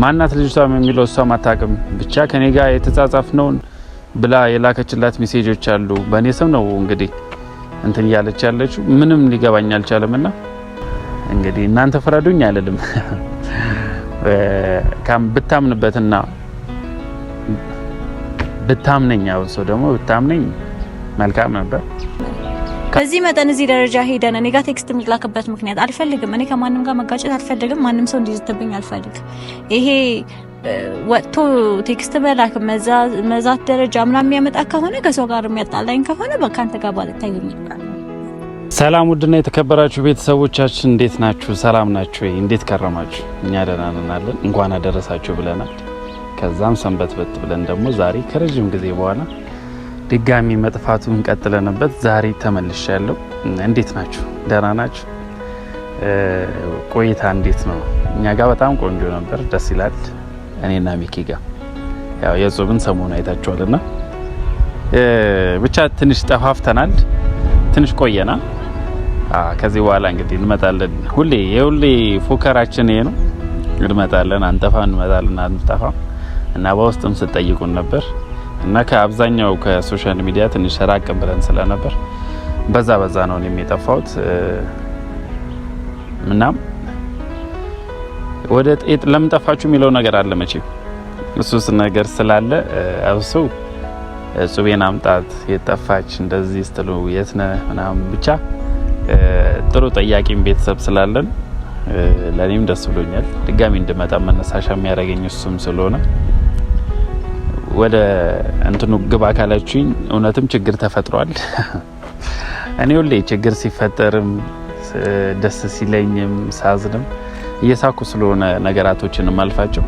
ማናት ልጅቷም የሚለው እሷም አታውቅም። ብቻ ከኔ ጋር ነውን ብላ የላከችላት ሜሴጆች አሉ። በእኔ ስም ነው እንግዲህ እንትን እያለች ያለችው ምንም ሊገባኝ አልቻለም። ና እንግዲህ እናንተ ፍረዱኝ አይደለም ብታምንበትና ብታምነኝ አሁን ሰው ደግሞ ብታምነኝ መልካም ነበር። በዚህ መጠን እዚህ ደረጃ ሄደን እኔ ጋር ቴክስት የሚላክበት ምክንያት አልፈልግም። እኔ ከማንም ጋር መጋጨት አልፈልግም። ማንም ሰው እንዲዝትብኝ አልፈልግ። ይሄ ወጥቶ ቴክስት መላክ መዛት ደረጃ ምናምን የሚያመጣ ከሆነ ከሰው ጋር የሚያጣላኝ ከሆነ በካንተ ጋር ባልታይ ሰላም ውድና የተከበራችሁ ቤተሰቦቻችን እንዴት ናችሁ? ሰላም ናችሁ? እንዴት ከረማችሁ? እኛ ደህና እንኳን አደረሳችሁ ብለናል። ከዛም ሰንበት በት ብለን ደግሞ ዛሬ ከረጅም ጊዜ በኋላ ድጋሚ መጥፋቱን ቀጥለንበት ዛሬ ተመልሻ ያለው። እንዴት ናችሁ? ደህና ናችሁ? ቆይታ እንዴት ነው? እኛ ጋር በጣም ቆንጆ ነበር፣ ደስ ይላል። እኔና ሚኪ ጋር ያው የጾምን ሰሞኑ አይታችኋልና ብቻ ትንሽ ጠፋፍተናል፣ ትንሽ ቆየና ከዚህ በኋላ እንግዲህ እንመጣለን። ሁሌ የሁሌ ፉከራችን ይሄ ነው። እንመጣለን፣ አንጠፋ፣ እንመጣለን፣ አንጠፋ እና በውስጥም ስጠይቁን ነበር እና ከአብዛኛው ከሶሻል ሚዲያ ትንሽ ራቅ ብለን ስለነበር በዛ በዛ ነው እኔም የጠፋሁት። እናም ወደ ጤጥ ለምን ጠፋችሁ የሚለው ነገር አለ መቼም እሱስ ነገር ስላለ እሱ ጹቤን አምጣት የጠፋች እንደዚህ ስትሉ የት ነህ ምናምን ብቻ ጥሩ ጠያቂም ቤተሰብ ስላለን ለእኔም ደስ ብሎኛል። ድጋሚ እንድመጣ መነሳሻ የሚያደርገኝ እሱም ስለሆነ ወደ እንትኑ ግብ አካላችሁኝ እውነትም ችግር ተፈጥሯል። እኔ ሁሌ ችግር ሲፈጠርም ደስ ሲለኝም ሳዝንም እየሳኩ ስለሆነ ነገራቶችን ማልፋቸው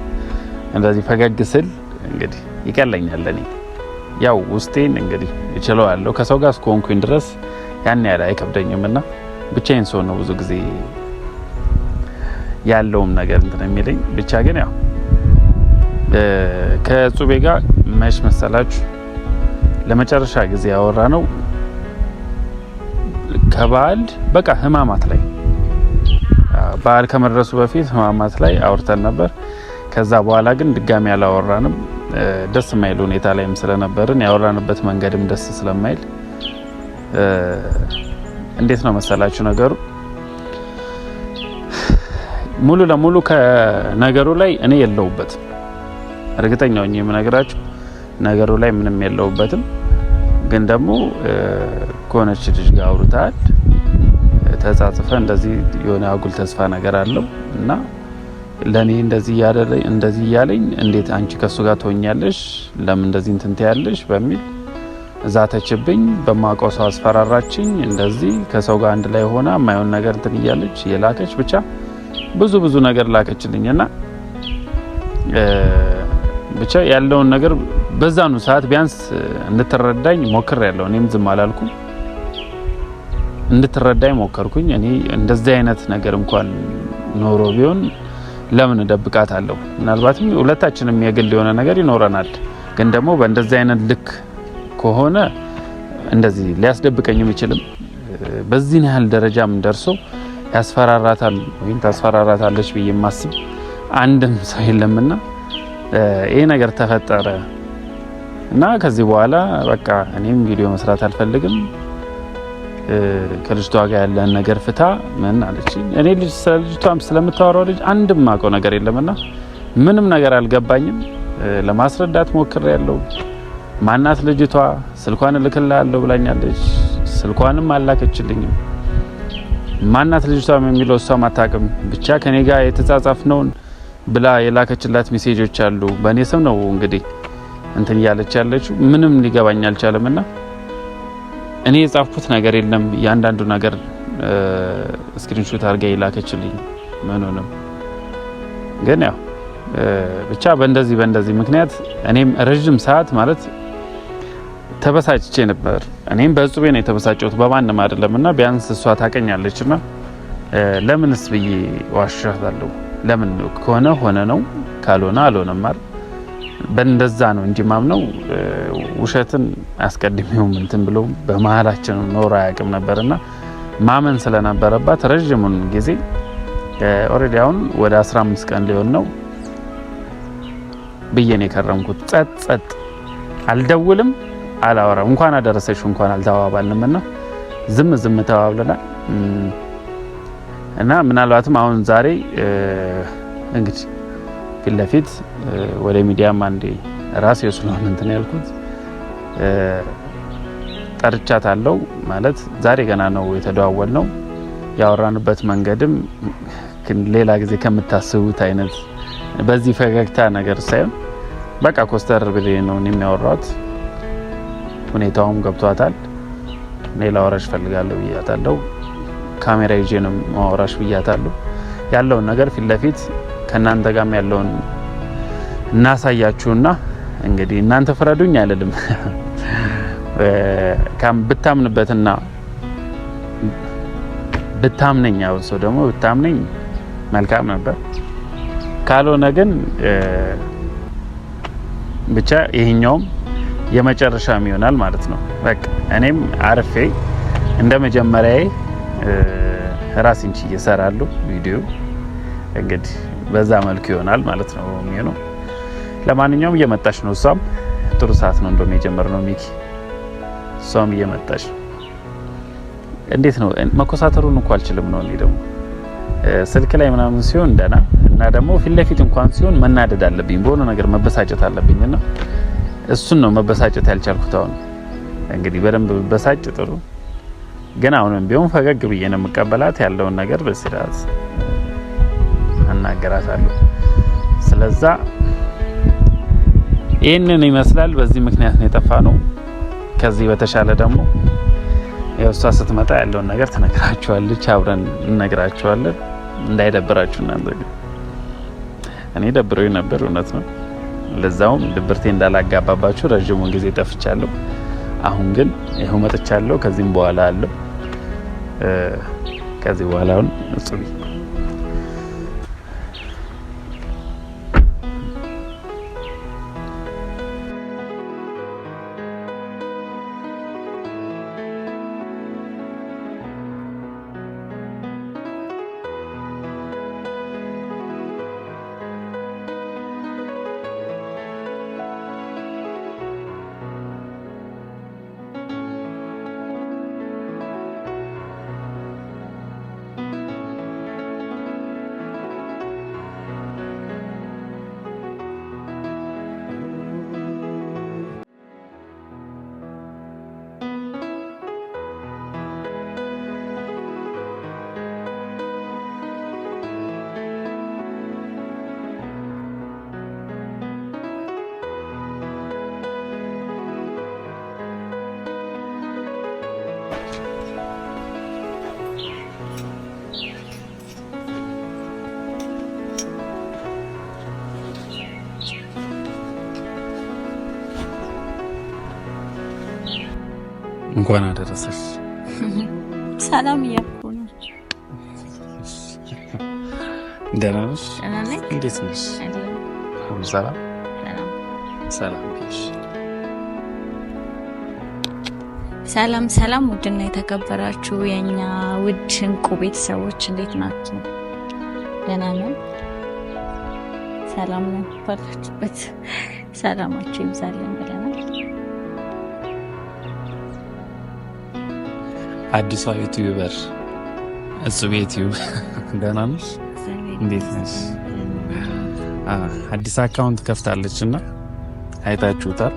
እንደዚህ ፈገግ ስል እንግዲህ ይቀለኛል። እኔ ያው ውስጤን እንግዲህ እችለዋለሁ ከሰው ጋር እስከሆንኩኝ ድረስ ያን ያህል አይከብደኝም እና ብቻዬን ሰው ነው ብዙ ጊዜ ያለውም ነገር እንትን የሚለኝ ብቻ ግን ያው ከጹቤ ጋር መች መሰላችሁ ለመጨረሻ ጊዜ ያወራ ነው ከበዓል በቃ ህማማት ላይ በዓል ከመድረሱ በፊት ህማማት ላይ አውርተን ነበር። ከዛ በኋላ ግን ድጋሚ አላወራንም። ደስ የማይል ሁኔታ ላይም ስለነበርን ያወራንበት መንገድም ደስ ስለማይል እንዴት ነው መሰላችሁ ነገሩ ሙሉ ለሙሉ ከነገሩ ላይ እኔ የለውበትም። እርግጠኛ ሆኜ የምነግራችሁ ነገሩ ላይ ምንም የለውበትም። ግን ደግሞ ከሆነች ልጅ ጋር አውርተሃል ተጻጽፈ እንደዚህ የሆነ አጉል ተስፋ ነገር አለው እና ለእኔ እንደዚህ እያለኝ እንዴት አንቺ ከእሱ ጋር ትሆኛለሽ? ለምን እንደዚህ እንትን ትያለሽ? በሚል ዛተችብኝ። በማውቀው ሰው አስፈራራችኝ። እንደዚህ ከሰው ጋር አንድ ላይ ሆና የማይሆን ነገር እንትን እያለች የላከች ብቻ ብዙ ብዙ ነገር ላከችልኝ እና ብቻ ያለውን ነገር በዛኑ ሰዓት ቢያንስ እንድትረዳኝ ሞክር ያለው እኔም ዝም አላልኩ እንድትረዳኝ ሞከርኩኝ። እኔ እንደዚህ አይነት ነገር እንኳን ኖሮ ቢሆን ለምን አለው። ምናልባትም ሁለታችንም የግል የሆነ ነገር ይኖረናል። ግን ደግሞ በእንደዚህ አይነት ልክ ከሆነ እንደዚህ ሊያስደብቀኝም አይችልም። በዚህን ያህል ደረጃም ደርሶ ያስፈራራታል ወይም ታስፈራራታለች ብዬ ማስብ አንድም ሰው የለምና ይሄ ነገር ተፈጠረ እና ከዚህ በኋላ በቃ እኔም ቪዲዮ መስራት አልፈልግም፣ ከልጅቷ ጋር ያለን ነገር ፍታ ምን አለች። እኔ ልጅ ስለ ልጅቷም ስለምታወራው ልጅ አንድም ማውቀው ነገር የለምና ምንም ነገር አልገባኝም። ለማስረዳት ሞክር ያለው ማናት ልጅቷ ስልኳን እልክልሃለሁ ብላኛለች። ስልኳንም አላከችልኝም። ማናት ልጅቷ የሚለው እሷም አታውቅም። ብቻ ከኔ ጋር የተጻጻፍነውን ብላ የላከችላት ሜሴጆች አሉ። በእኔ ስም ነው እንግዲህ እንትን እያለች ያለችው ምንም ሊገባኝ አልቻለም። እና እኔ የጻፍኩት ነገር የለም የአንዳንዱ ነገር ስክሪንሾት አድርጋ የላከችልኝ ምኑንም ግን ያው ብቻ በእንደዚህ በእንደዚህ ምክንያት እኔም ረዥም ሰዓት ማለት ተበሳጭቼ ነበር። እኔም በእጹቤ ነው የተበሳጨሁት በማንም አይደለም። እና ቢያንስ እሷ ታቀኛለች እና ለምንስ ብዬ ዋሻታለሁ። ለምን ከሆነ ሆነ ነው፣ ካልሆነ አልሆነም አይደል? በእንደዛ ነው እንጂ ማምነው ውሸትን አስቀድሜውም እንትን ብሎ በመሀላችን ኖሮ አያውቅም ነበርና ማመን ስለነበረባት ረዥሙን ጊዜ ኦልሬዲ አሁን ወደ 15 ቀን ሊሆን ነው ብዬን የከረምኩት ጸጥ ጸጥ አልደውልም፣ አላወራም። እንኳን አደረሰሽ እንኳን አልተባባልንም እና ዝም ዝም ተባብለናል። እና ምናልባትም አሁን ዛሬ እንግዲህ ፊት ለፊት ወደ ሚዲያም አንዴ ራስ ስለሆነ እንትን ያልኩት ጠርቻት አለው ማለት ዛሬ ገና ነው የተደዋወል ነው ያወራንበት መንገድም ሌላ ጊዜ ከምታስቡት አይነት በዚህ ፈገግታ ነገር ሳይሆን በቃ ኮስተር ብሌ ነው የሚያወራት። ሁኔታውም ገብቷታል። ሌላ ወራሽ ፈልጋለሁ ብያታለሁ። ካሜራ ይዤ ነው ማወራሽ ብያታለሁ። ያለውን ነገር ፊት ለፊት ከእናንተ ጋርም ያለውን እናሳያችሁና እንግዲህ እናንተ ፍረዱኝ አይደለም ብታምንበትና ብታምነኝ ያው ሰው ደግሞ ብታምነኝ መልካም ነበር። ካልሆነ ግን ብቻ ይሄኛውም የመጨረሻም ይሆናል ማለት ነው። በቃ እኔም አርፌ እንደ መጀመሪያዬ ራሴን ችዬ እሰራለሁ። ቪዲዮ እንግዲህ በዛ መልኩ ይሆናል ማለት ነው የሚሆነው። ለማንኛውም እየመጣች ነው እሷም። ጥሩ ሰዓት ነው እንደውም የጀመርነው ሚኪ። እሷም እየመጣች እንዴት ነው መኮሳተሩን እንኳ አልችልም ነው እኔ ደግሞ ስልክ ላይ ምናምን ሲሆን ደና እና ደግሞ ፊት ለፊት እንኳን ሲሆን መናደድ አለብኝ፣ በሆነ ነገር መበሳጨት አለብኝ። እና እሱን ነው መበሳጨት ያልቻልኩት። አሁን እንግዲህ በደንብ በሳጭ ጥሩ ግን አሁንም ቢሆን ፈገግ ብዬ ነው የምቀበላት። ያለውን ነገር በስርዓት አናገራታለሁ። ስለዛ ይህንን ይመስላል። በዚህ ምክንያት ነው የጠፋ ነው። ከዚህ በተሻለ ደግሞ የእሷ ስትመጣ ያለውን ነገር ትነግራችኋለች፣ አብረን እነግራችኋለን። እንዳይደብራችሁ እናንተ ግን እኔ ደብረው ነበር፣ እውነት ነው። ለዛውም ድብርቴ እንዳላጋባባችሁ ረዥሙን ጊዜ ጠፍቻለሁ። አሁን ግን ይኸው መጥቻለሁ። ከዚህም በኋላ አለው ከዚህ በኋላ አሁን እጹብ እንኳን አደረሰሽ። ሰላም እያልኩ ናቸው። ደህና ነሽ? እንዴት ነሽ? ሰላም ሰላም ሰላም ሰላም። ውድና የተከበራችሁ የእኛ ውድ እንቁ ቤተሰቦች እንዴት ናችሁ? ደህና ነው። ሰላም ነው ባላችሁበት ሰላማችሁ ይብዛልን ብለን አዲሷ ዩቲዩበር እጹብ ዩቲዩብ ደህና ነሽ? እንዴት ነሽ? አዲስ አካውንት ከፍታለች እና አይታችሁታል።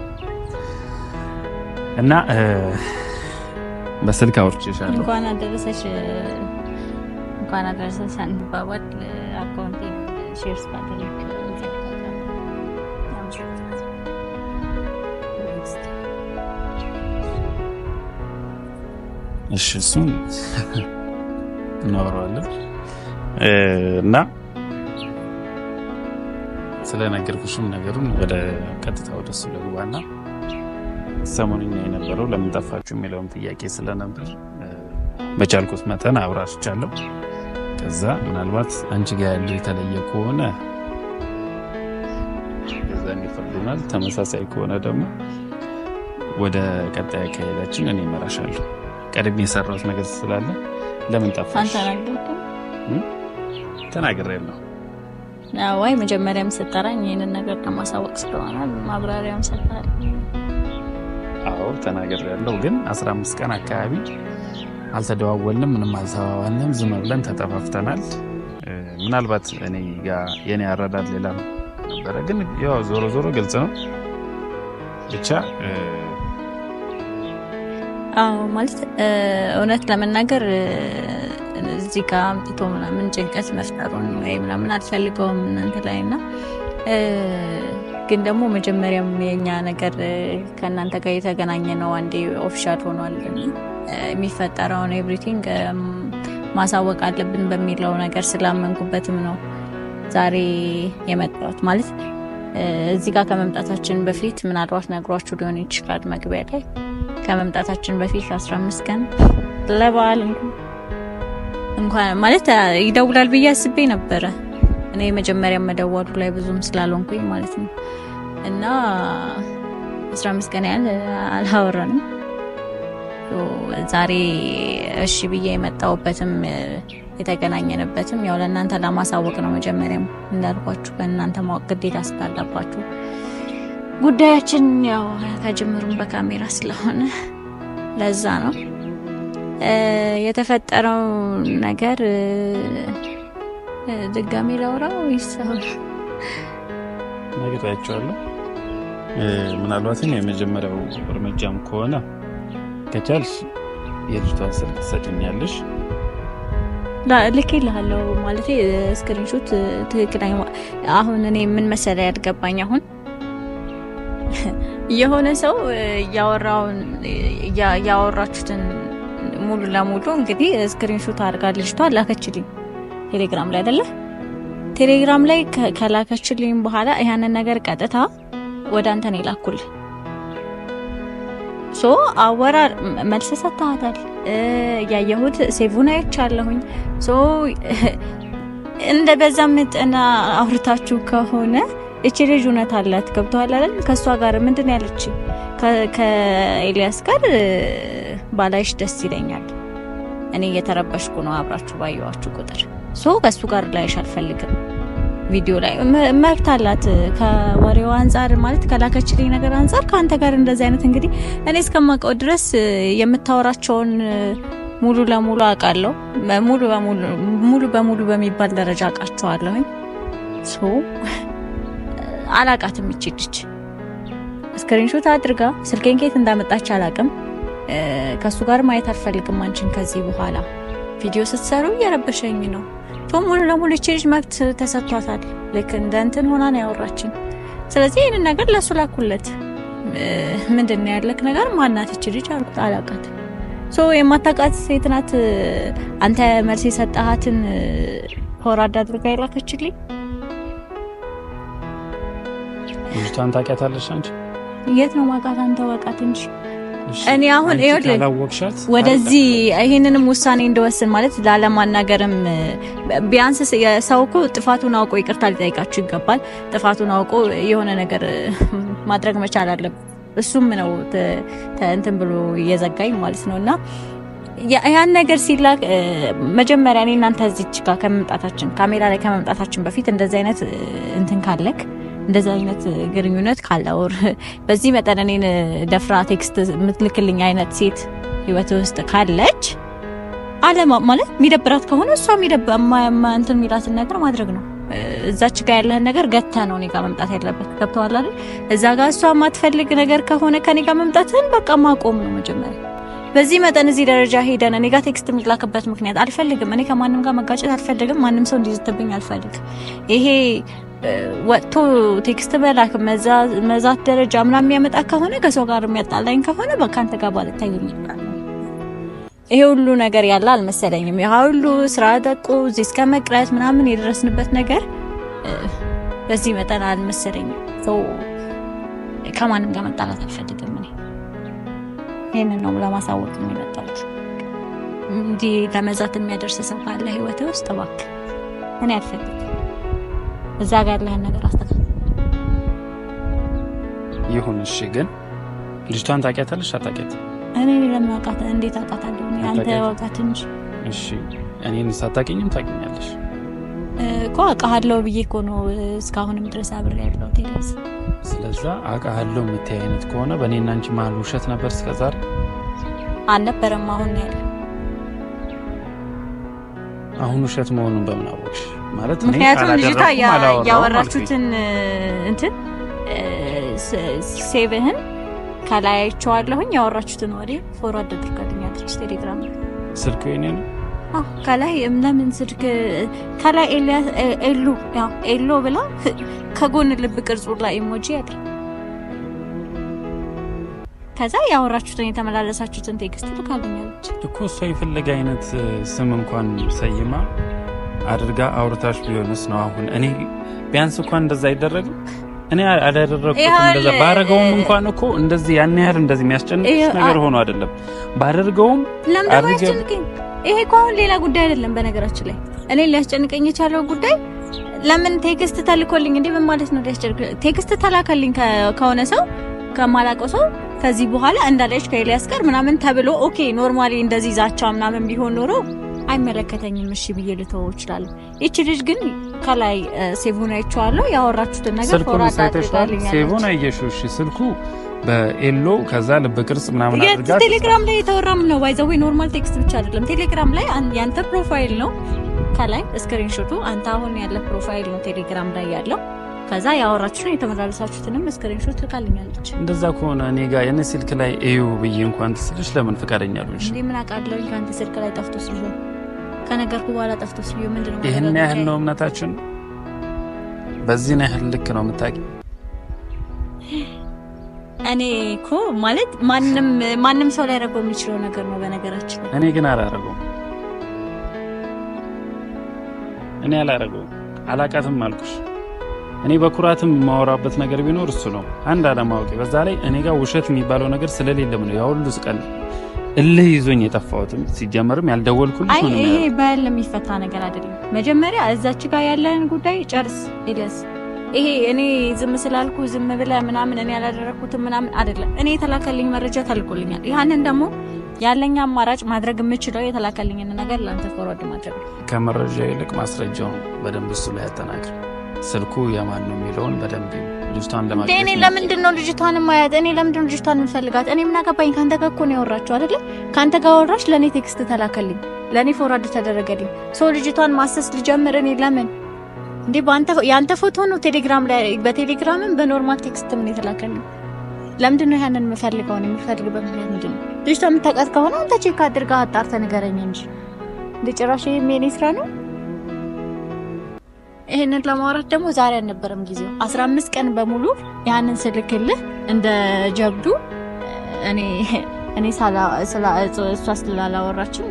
እና በስልክ አውርቼሻለሁ። እንኳን አደረሰሽ እንኳን አደረሰሽ አንባባል አካውንቴ ሼርስ ባደረግ እሺ እሱም እናወራዋለን እና ስለነገርኩሽም ነገሩን ወደ ቀጥታ ወደ እሱ ልግባና ሰሞኑኛ የነበረው ለምን ጠፋችሁ የሚለውም ጥያቄ ስለነበር በቻልኩት መጠን አብራርቻለሁ። ከዛ ምናልባት አንቺ ጋር ያለው የተለየ ከሆነ ከዛ ይፈርዱናል። ተመሳሳይ ከሆነ ደግሞ ወደ ቀጣይ አካሄዳችን እኔ ይመራሻለሁ ቀድሜ የሰራሁት ነገር ስላለ ለምን ጠፋሽ? ተናግሬ ነው ወይ መጀመሪያም ስጠራኝ ይህንን ነገር ለማሳወቅ ስለሆነ ማብራሪያም ሰጥታል። አዎ ተናግሬ ያለው ግን 15 ቀን አካባቢ አልተደዋወልንም፣ ምንም አልተባባልንም፣ ዝም ብለን ተጠፋፍተናል። ምናልባት እኔ ጋር የኔ አረዳድ ሌላ ነበረ፣ ግን ያው ዞሮ ዞሮ ግልጽ ነው ብቻ አዎ ማለት እውነት ለመናገር እዚህ ጋር አምጥቶ ምናምን ጭንቀት መፍጠሩን ወይ ምናምን አልፈልገውም እናንተ ላይ እና ግን ደግሞ መጀመሪያም የኛ ነገር ከእናንተ ጋር የተገናኘ ነው። አንዴ ኦፊሻል ሆኗል የሚፈጠረውን ኤቭሪቲንግ ማሳወቅ አለብን በሚለው ነገር ስላመንኩበትም ነው ዛሬ የመጣሁት ማለት እዚህ ጋር ከመምጣታችን በፊት ምናልባት ነግሯችሁ ሊሆን ይችላል። መግቢያ ላይ ከመምጣታችን በፊት 15 ቀን ለበዓል እንኳን ማለት ይደውላል ብዬ አስቤ ነበረ። እኔ የመጀመሪያ መደወሉ ላይ ብዙም ስላልሆንኩኝ ማለት ነው እና 15 ቀን ያህል አላወራንም። ዛሬ እሺ ብዬ የመጣሁበትም የተገናኘንበትም ያው ለእናንተ ለማሳወቅ ነው። መጀመሪያም እንዳልኳችሁ በእናንተ ማወቅ ግዴታ ስላለባችሁ ጉዳያችን ያው ከጅምሩም በካሜራ ስለሆነ ለዛ ነው የተፈጠረው ነገር። ድጋሚ ላውራው ይሰሆነ ነግሬያቸዋለሁ። ምናልባትም የመጀመሪያው እርምጃም ከሆነ ከቻልሽ የልጅቷን ስልክ ትሰጭኛለሽ ይልሃለው ማለት ስክሪንሾት ትክክለኛ። አሁን እኔ ምን መሰለ ያልገባኝ አሁን የሆነ ሰው ያወራችሁትን ሙሉ ለሙሉ እንግዲህ ስክሪንሾት አድርጋ ልጅቷ ላከችልኝ ቴሌግራም ላይ አይደለ? ቴሌግራም ላይ ከላከችልኝ በኋላ ያንን ነገር ቀጥታ ወደ አንተ ነው የላኩልህ። ሶ አወራር መልስ ሰጥተሃታል። ያየሁት ሴቡን አይቻለሁኝ። ሶ እንደ በዛ መጠና አውርታችሁ ከሆነ እቺ ልጅ እውነት አላት። ገብቶሃል አይደል? ከእሷ ጋር ምንድን ያለች ከኤልያስ ጋር ባላይሽ ደስ ይለኛል። እኔ እየተረበሽኩ ነው አብራችሁ ባየዋችሁ ቁጥር። ሶ ከእሱ ጋር ላይሽ አልፈልግም። ቪዲዮ ላይ መብት አላት። ከወሬዋ አንጻር ማለት ከላከችልኝ ነገር አንጻር ከአንተ ጋር እንደዚህ አይነት እንግዲህ እኔ እስከማውቀው ድረስ የምታወራቸውን ሙሉ ለሙሉ አውቃለሁ። ሙሉ በሙሉ ሙሉ በሙሉ በሚባል ደረጃ አውቃቸዋለሁኝ። ሶ አላቃትም ይቺ ስክሪንሾት አድርጋ ስልኬን ከየት እንዳመጣች አላቅም። ከእሱ ጋር ማየት አልፈልግም አንቺን ከዚህ በኋላ ቪዲዮ ስትሰሩ እየረበሸኝ ነው። ቶም ሙሉ ለሙሉ ይቺ ልጅ መብት ተሰጥቷታል። ልክ እንደ እንትን ሆና ነው ያወራችን። ስለዚህ ይህንን ነገር ለእሱ ላኩለት። ምንድን ነው ያለክ ነገር ማናት ይቺ ልጅ አልኩት። አላቃት ሶ የማታውቃት ሴት ናት። አንተ መልስ የሰጠሃትን ሆራዳ አድርጋ የላከችልኝ ልጅቷን ታውቂያታለሽ አንቺ? የት ነው ማውቃት? አንተ ወቃት እንጂ እኔ አሁን ወደዚህ ይህንንም ውሳኔ እንደወስን ማለት ላለማናገርም ቢያንስ ሰው እኮ ጥፋቱን አውቆ ይቅርታ ሊጠይቃችሁ ይገባል። ጥፋቱን አውቆ የሆነ ነገር ማድረግ መቻል አለም እሱም ነው እንትን ብሎ እየዘጋኝ ማለት ነው እና ያን ነገር ሲላክ መጀመሪያ እኔ እናንተ እዚህ ጋር ከመምጣታችን ካሜራ ላይ ከመምጣታችን በፊት እንደዚህ አይነት እንትን ካለክ እንደዚህ አይነት ግንኙነት ካለውር በዚህ መጠን እኔን ደፍራ ቴክስት የምትልክልኝ አይነት ሴት ህይወት ውስጥ ካለች አለማ ማለት የሚደብራት ከሆነ እሷ እንትን የሚላትን ነገር ማድረግ ነው። እዛች ጋር ያለህን ነገር ገተ ነው እኔ ጋር መምጣት ያለበት ገብተዋል አይደል? እዛ ጋር እሷ የማትፈልግ ነገር ከሆነ ከኔ ጋር መምጣትህን በቃ ማቆም ነው መጀመሪያ። በዚህ መጠን እዚህ ደረጃ ሄደን እኔ ጋር ቴክስት የሚላክበት ምክንያት አልፈልግም። እኔ ከማንም ጋር መጋጨት አልፈልግም። ማንም ሰው እንዲዝትብኝ አልፈልግ ይሄ ወጥቶ ቴክስት በላክ መዛት ደረጃ ምናምን የሚያመጣ ከሆነ ከሰው ጋር የሚያጣላኝ ከሆነ በካንተ ጋር ባልታየኝ ይሄ ሁሉ ነገር ያለ አልመሰለኝም። ያ ሁሉ ስራ ጠቁ እዚህ እስከ መቅረት ምናምን የደረስንበት ነገር በዚህ መጠን አልመሰለኝም። ከማንም ጋር መጣላት አልፈልግም። እኔ ይህንን ነው ለማሳወቅ የሚመጣት እንዲህ ለመዛት የሚያደርስ ሰው ካለ ህይወት ውስጥ እባክህ እኔ አልፈልግም። እዛ ጋር ያለህን ነገር አስተካክል። ይሁን እሺ። ግን ልጅቷን ታውቂያታለሽ አታውቂያትም? እኔ ለምን አውቃት? እንዴት አውቃታለሁ? አንተ አውቃት እንጂ። እሺ፣ እኔን ሳታውቂኝም ታውቂኛለሽ እኮ። አውቃሃለሁ ብዬ እኮ ነው እስካሁንም ድረስ አብሬ ያለሁት ቴሌስ። ስለዛ አውቃሃለሁ የምታይ አይነት ከሆነ በእኔና አንቺ መሀል ውሸት ነበር እስከዛሬ አልነበረም። አሁን ያለው አሁን ውሸት መሆኑን በምን አወቅሽ? ማለት ምክንያቱም ልጅቷ ያወራችሁትን እንትን ሴቭህን ከላያቸዋለሁኝ ያወራችሁትን ወሬ ፎርዋርድ አድርጋልኛለች ቴሌግራም ስልክ ወይኔ ነው ከላይ ለምን ስልክ ከላይ ኤሉ ኤሎ ብላ ከጎን ልብ ቅርጹ ላይ ኢሞጂ ያለ ከዛ ያወራችሁትን የተመላለሳችሁትን ቴክስት ልካልኛለች እኮ እሷ የፈለገ አይነት ስም እንኳን ሰይማ አድርጋ አውርታሽ ቢሆንስ ነው አሁን እኔ ቢያንስ እንኳን እንደዛ አይደረግም። እኔ አላደረግኩትም። እንደዛ እንኳን እኮ እንደዚህ ያን ያህል እንደዚህ የሚያስጨንቅሽ ነገር ሆኖ አይደለም። ባደርገውም ይሄ እኮ አሁን ሌላ ጉዳይ አይደለም። በነገራችን ላይ እኔ ሊያስጨንቀኝ የቻለው ጉዳይ ለምን ቴክስት ተልኮልኝ እንዴ? ምን ማለት ነው ሊያስጨንቅ ቴክስት ተላከልኝ ከሆነ ሰው ከማላቀው ሰው ከዚህ በኋላ እንዳለች ከኤልያስ ጋር ምናምን ተብሎ ኦኬ፣ ኖርማሊ እንደዚህ ዛቻ ምናምን ቢሆን ኖሮ አይመለከተኝም እሺ ብዬ ልተወው እችላለሁ። ይቺ ልጅ ግን ከላይ ሴቡን አይቼዋለሁ። ያወራችሁትን ነገር ስልኩን ሳይተሽዋል ሴቡን አየሽው። እሺ ስልኩ በኤሎ ከዛ ልብ ቅርጽ ምናምን አድርጋ ቴሌግራም ላይ የተወራም ነው። ወይ ኖርማል ቴክስት ብቻ አይደለም። ቴሌግራም ላይ ያንተ ፕሮፋይል ነው ከላይ ስክሪንሾቱ። አንተ አሁን ያለ ፕሮፋይል ነው ቴሌግራም ላይ ያለው ከዛ ያወራችሁን የተመላለሳችሁትንም ስክሪንሾት ትልካልኛለች። እንደዛ ከሆነ እኔ ጋር የኔ ስልክ ላይ እዩ ብዬ እንኳን ትስልሽ ለምን ፍቃደኛ ሉ እንዴ ምን አውቃለሁ ከአንተ ስልክ ላይ ጠፍቶ ስል ከነገርኩ በኋላ ጠፍቶ ስዮ ምንድን ነው? ይህን ያህል ነው እምነታችን? በዚህ ያህል ልክ ነው የምታውቂ? እኔ እኮ ማለት ማንም ማንም ሰው ሊያደርገው የሚችለው ነገር ነው። በነገራችን እኔ ግን አላደርገውም። እኔ አላደርገውም። አላቃትም አልኩሽ። እኔ በኩራትም የማወራበት ነገር ቢኖር እሱ ነው። አንድ አለማወቅ በዛ ላይ እኔ ጋር ውሸት የሚባለው ነገር ስለሌለም ነው ያሁሉ ስቀን እልህ ይዞኝ የጠፋሁትም። ሲጀመርም ያልደወልኩልሽ ይሄ በል የሚፈታ ነገር አይደለም። መጀመሪያ እዛች ጋር ያለን ጉዳይ ጨርስ፣ ይደስ ይሄ እኔ ዝም ስላልኩ ዝም ብለ ምናምን እኔ ያላደረግኩትም ምናምን አይደለም። እኔ የተላከልኝ መረጃ ታልቆልኛል። ያንን ደግሞ ያለኝ አማራጭ ማድረግ የምችለው የተላከልኝን ነገር ለአንተ ፎርዋርድ ማድረግ ነው። ከመረጃ ይልቅ ማስረጃውን በደንብ እሱ ላይ ያጠናክር። ስልኩ የማን ነው የሚለውን በደንብ ልጅቷን ለማግኘት እኔ ለምንድን ነው ልጅቷን ማያት? እኔ ለምንድን ነው ልጅቷን የምፈልጋት? እኔ ምን አገባኝ? ከአንተ ጋር እኮ ነው ያወራችሁ አይደለ? ከአንተ ጋር ወራሽ፣ ለእኔ ቴክስት ተላከልኝ፣ ለእኔ ፎራድ ተደረገልኝ። ሰው ልጅቷን ማሰስ ልጀምር እኔ ለምን እንዴ? የአንተ ፎቶ ነው ቴሌግራም ላይ፣ በቴሌግራምም በኖርማል ቴክስት ምን የተላከልኝ። ለምንድን ነው ያንን የምፈልገው? ነው የምፈልግበት ምክንያት ምንድን ነው? ልጅቷ የምታውቃት ከሆነ አንተ ቼክ አድርጋ አጣርተህ ንገረኝ እንጂ እንደ ጭራሽ ይሄ የእኔ ስራ ነው። ይሄንን ለማውራት ደግሞ ዛሬ አልነበረም ጊዜው። 15 ቀን በሙሉ ያንን ስልክልህ እንደ ጀብዱ እኔ እሷ ስላላወራችው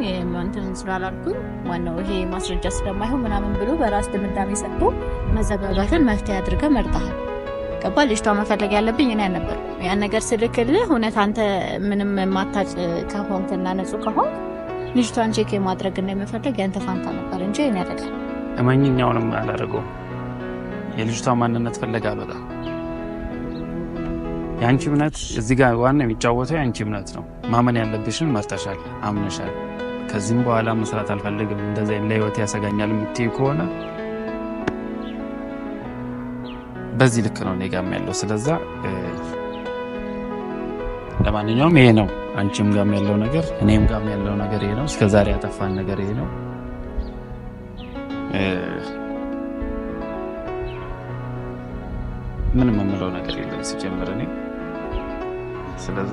እንትን ስላላልኩኝ ዋናው ይሄ ማስረጃ ስለማይሆን ምናምን ብሎ በራስ ድምዳሜ ሰጥቶ መዘጋጋትን መፍትሄ አድርገ መርጠሃል። ገባ ልጅቷ መፈለግ ያለብኝ እኔ አልነበርኩም። ያን ነገር ስልክልህ እውነት አንተ ምንም ማታጭ ከሆንክና ነጹ ከሆንክ ልጅቷን ቼክ የማድረግ እና የመፈለግ ያንተ ፋንታ ነበር እንጂ እኔ አይደለም። እመኝኛውንም አላደርገውም። የልጅቷ ማንነት ፍለጋ በጣም የአንቺ እምነት እዚህ ጋር ዋና የሚጫወተው የአንቺ እምነት ነው። ማመን ያለብሽን መርጠሻል፣ አምነሻል። ከዚህም በኋላ መስራት አልፈልግም፣ እንደዚ ለህይወት ያሰጋኛል የምትይ ከሆነ በዚህ ልክ ነው ኔጋም ያለው። ስለዛ ለማንኛውም ይሄ ነው አንቺም ጋም ያለው ነገር፣ እኔም ጋም ያለው ነገር ይሄ ነው። እስከዛሬ ያጠፋን ነገር ይሄ ነው። ምንም የምለው ነገር የለም ሲጀምር እኔ ስለዛ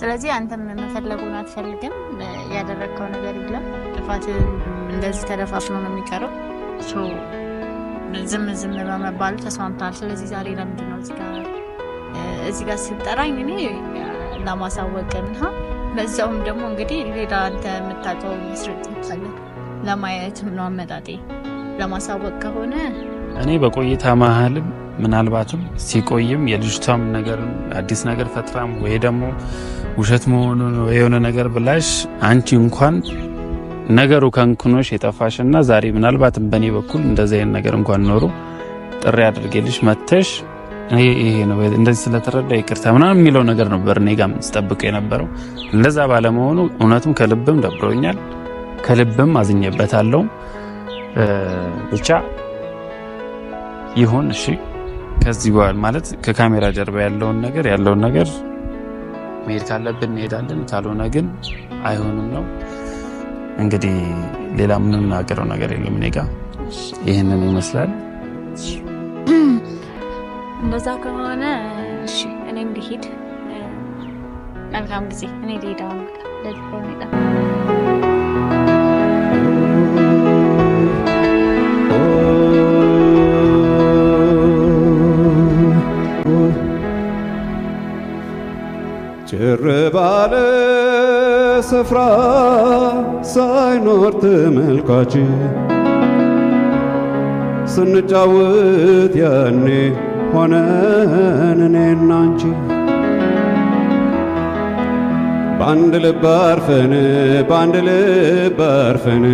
ስለዚህ አንተም መፈለጉን አትፈልግም። ያደረግከው ነገር የለም። ጥፋት እንደዚህ ተደፋፍ ነው የሚቀረው። ዝም ዝም በመባሉ ተስማምታል። ስለዚህ ዛሬ ለምንድን ነው እዚህ ጋር እኔ ለማሳወቅ በዛውም ደግሞ እንግዲህ ሌላ አንተ የምታውቀው ስርጭት ካለ ለማየት ምነ አመጣጤ ለማሳወቅ ከሆነ እኔ በቆይታ መሀልም ምናልባትም ሲቆይም የልጅቷም ነገር አዲስ ነገር ፈጥራም ወይ ደግሞ ውሸት መሆኑን የሆነ ነገር ብላሽ አንቺ እንኳን ነገሩ ከንክኖሽ የጠፋሽ እና ዛሬ ምናልባትም በእኔ በኩል እንደዚህ አይነት ነገር እንኳን ኖሮ ጥሪ አድርጌልሽ መተሽ ይሄ ነው እንደዚህ ስለተረዳ ይቅርታ ምናምን የሚለው ነገር ነበር እኔ ጋር ስጠብቅ የነበረው። እንደዛ ባለመሆኑ እውነቱም ከልብም ደብሮኛል፣ ከልብም አዝኜበታለሁ። ብቻ ይሁን እሺ። ከዚህ በኋላ ማለት ከካሜራ ጀርባ ያለውን ነገር ያለውን ነገር መሄድ ካለብን እንሄዳለን፣ ካልሆነ ግን አይሆንም ነው እንግዲህ። ሌላ ምንም የምናገረው ነገር የለም እኔ ጋ ይህንን ይመስላል። እንደዛ ከሆነ እሺ፣ እኔ ልሂድ። መልካም ጊዜ። እኔ ልሂድ አሁን ለዚህ ሁኔታ ጭር ባለ ስፍራ ሳይኖር ተመልካች ስንጫወት ያኔ ሆነን እኔና አንቺ በአንድ ልብ አርፈን በአንድ ልብ አርፈን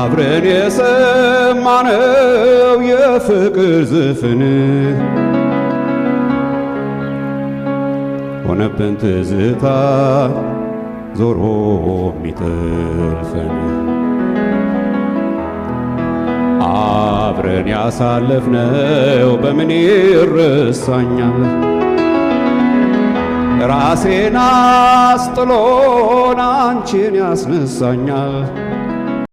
አብረን የሰማነው የፍቅር ዘፈን ሆነብን ትዝታ ዞሮ የሚጠልፈን አብረን ያሳለፍነው በምን ይረሳኛል? ራሴን አስጥሎን አንቺን ያስነሳኛል።